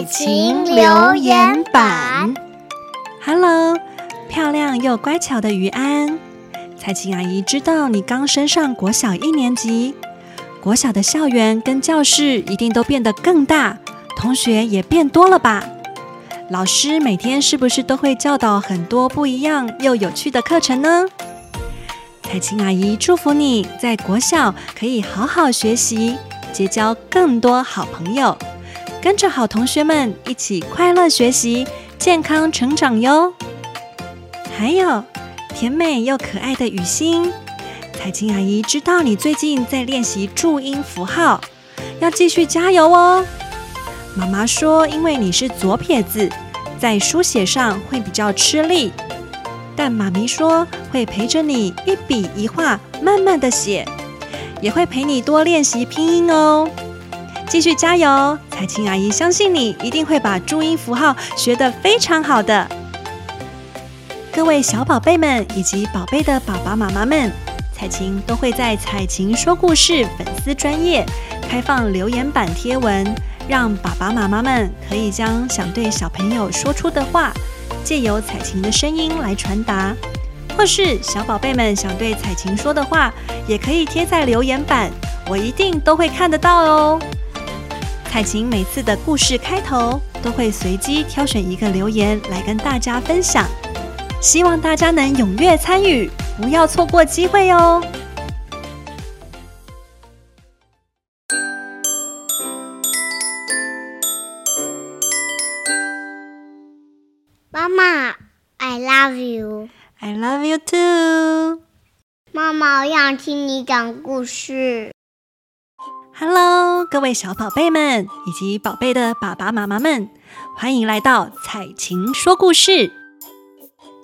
采晴留言板，Hello，漂亮又乖巧的於安，采晴阿姨知道你剛升上國小一年級，國小的校園跟教室一定都變得更大，同學也變多了吧？老師每天是不是都會教導很多不一樣又有趣的課程呢？采晴阿姨祝福你在國小可以好好學習，結交更多好朋友。跟着好同學們一起快樂學習、健康成長喲！還有甜美又可愛的雨欣，采晴阿姨知道你最近在練習注音符號，要繼續加油哦！媽媽說，因為你是左撇子，在書寫上會比較吃力，但媽咪說會陪着你一筆一畫慢慢地寫，也會陪你多練習拼音哦。繼續加油，采晴阿姨相信你一定會把注音符號學得非常好的。各位小寶貝們以及寶貝的爸爸媽媽們，采晴都會在采晴說故事粉絲專頁開放留言板貼文，讓爸爸媽媽們可以將想對小朋友說出的話，借由采晴的聲音來傳達；或是小寶貝們想對采晴說的話，也可以貼在留言板，我一定都會看得到哦。采晴每次的故事開頭都會隨機挑選一個留言來跟大家分享，希望大家能踴躍參與，不要錯過機會哦。媽媽，I love you。I love you, I love you too。媽媽，我想聽你講故事。Hello，各位小寶貝們以及寶貝的爸爸媽媽們，歡迎來到采晴說故事。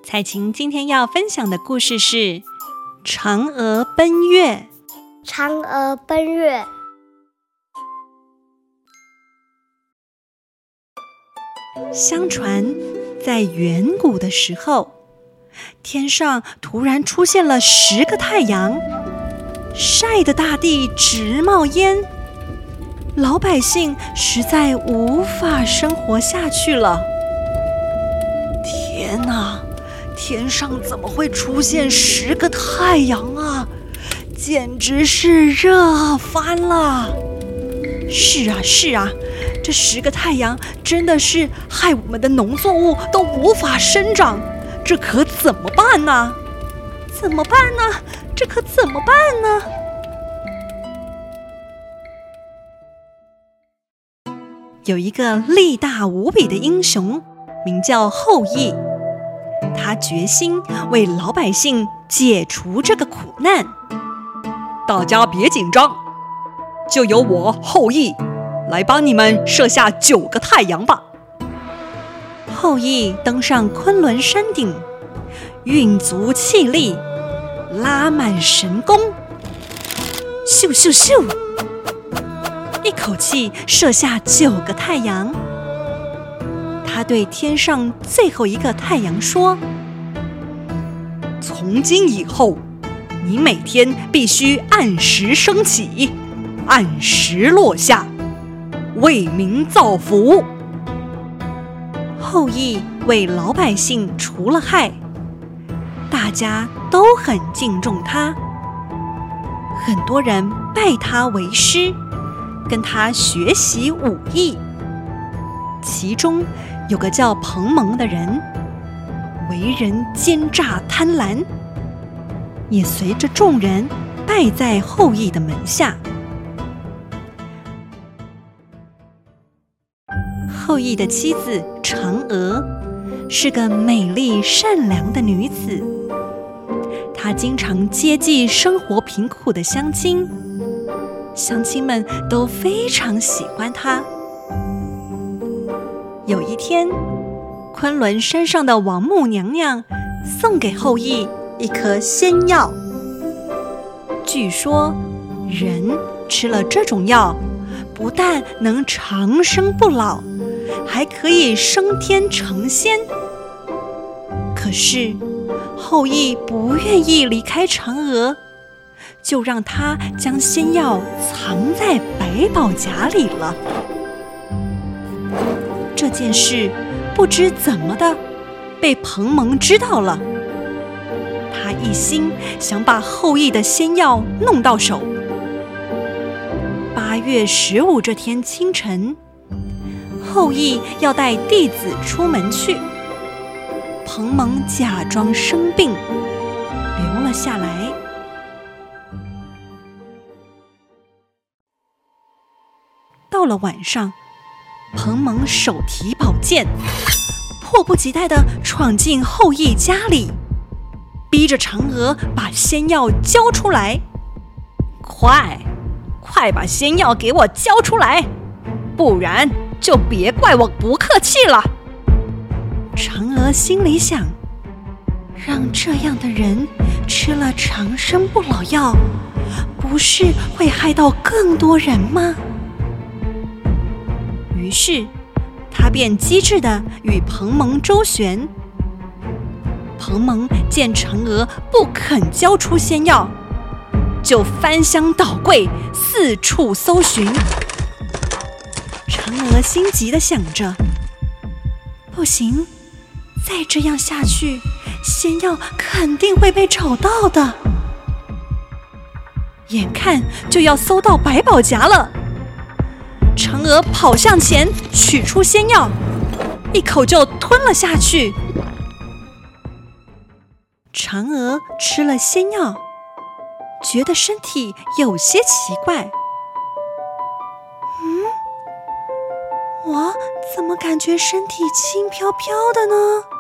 采晴今天要分享的故事是《嫦娥奔月》。嫦娥奔月。相傳，在遠古的時候，天上突然出現了十個太陽。曬得大地直冒煙，老百姓實在無法生活下去了。天哪，天上怎麼會出現十個太陽啊？簡直是熱翻了！是啊，是啊，這十個太陽真的是害我們的農作物都無法生長，這可怎麼辦呢？怎麼辦呢？這可怎麼辦呢？有一個力大無比的英雄，名叫后羿，他決心為老百姓解除這個苦難。大家別緊張，就由我后羿來幫你們射下九個太陽吧。後羿登上昆崙山頂，運足氣力。拉滿神弓，咻咻咻！一口氣射下九個太陽。他對天上最後一個太陽說：“從今以後，你每天必須按時升起，按時落下，為民造福。”后羿為老百姓除了害。家都很敬重他，很多人拜他為師，跟他學習武藝。其中有個叫彭蒙的人，為人奸詐貪婪，也隨着眾人拜在后羿的門下。後羿的妻子嫦娥是個美麗善良的女子。他經常接濟生活貧苦的鄉親，鄉親們都非常喜歡他。有一天，崑崙山上的王母娘娘送給后羿一顆仙藥，據說人吃了這種藥，不但能長生不老，還可以升天成仙。可是，后羿不願意離開嫦娥，就讓他將仙藥藏在百寶匣裡了。這件事不知怎麼的被蓬蒙知道了，他一心想把后羿的仙藥弄到手。八月十五這天清晨，後羿要帶弟子出門去。蓬蒙假裝生病，留了下來。到了晚上，蓬蒙手提寶劍，迫不及待的闖進后羿家裡，逼着嫦娥把仙藥交出來。快，快把仙藥給我交出來，不然就別怪我不客氣了。嫦娥心裡想：“讓這樣的人吃了長生不老藥，不是會害到更多人嗎？”於是，她便機智地與蓬蒙周旋。蓬蒙見嫦娥不肯交出仙藥，就翻箱倒櫃，四處搜尋。嫦娥心急地想着：“不行。”再這樣下去，仙藥肯定會被找到的。眼看就要搜到百寶匣了，嫦娥跑向前，取出仙藥，一口就吞了下去。嫦娥吃了仙藥，覺得身體有些奇怪。嗯？我怎麼感覺身體輕飄飄的呢？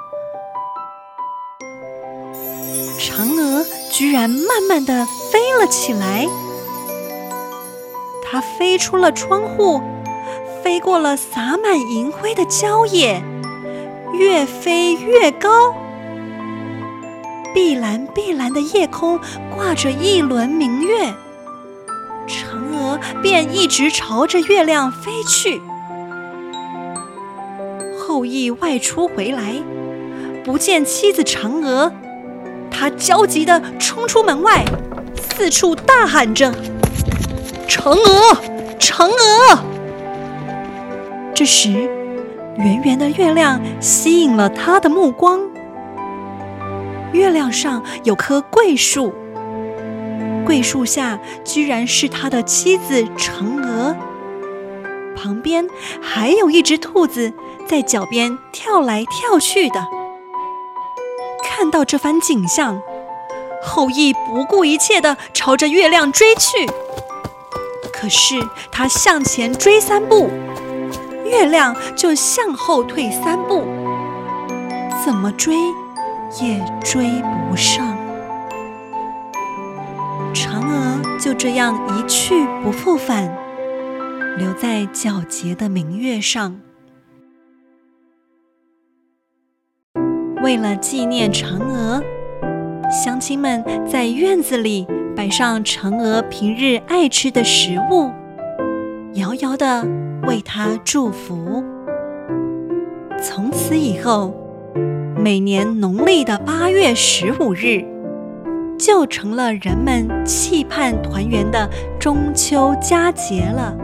嫦娥居然慢慢地飛了起來，她飛出了窗戶，飛過了灑滿銀輝的郊野，越飛越高。碧藍碧藍的夜空掛着一輪明月，嫦娥便一直朝着月亮飛去。後羿外出回來，不見妻子嫦娥。他焦急地衝出門外，四處大喊着：“嫦娥，嫦娥！”這時，圓圓的月亮吸引了他的目光。月亮上有棵桂樹，桂樹下居然是他的妻子嫦娥，旁邊還有一隻兔子在腳邊跳來跳去的。看到這番景象，後羿不顧一切的朝着月亮追去。可是他向前追三步，月亮就向後退三步，怎麼追也追不上。嫦娥就這樣一去不復返，留在皎潔的明月上。為了紀念嫦娥，鄉親們在院子裡擺上嫦娥平日愛吃的食物，遙遙的為她祝福。從此以後，每年農曆的八月十五日，就成了人們期盼團圓的中秋佳節了。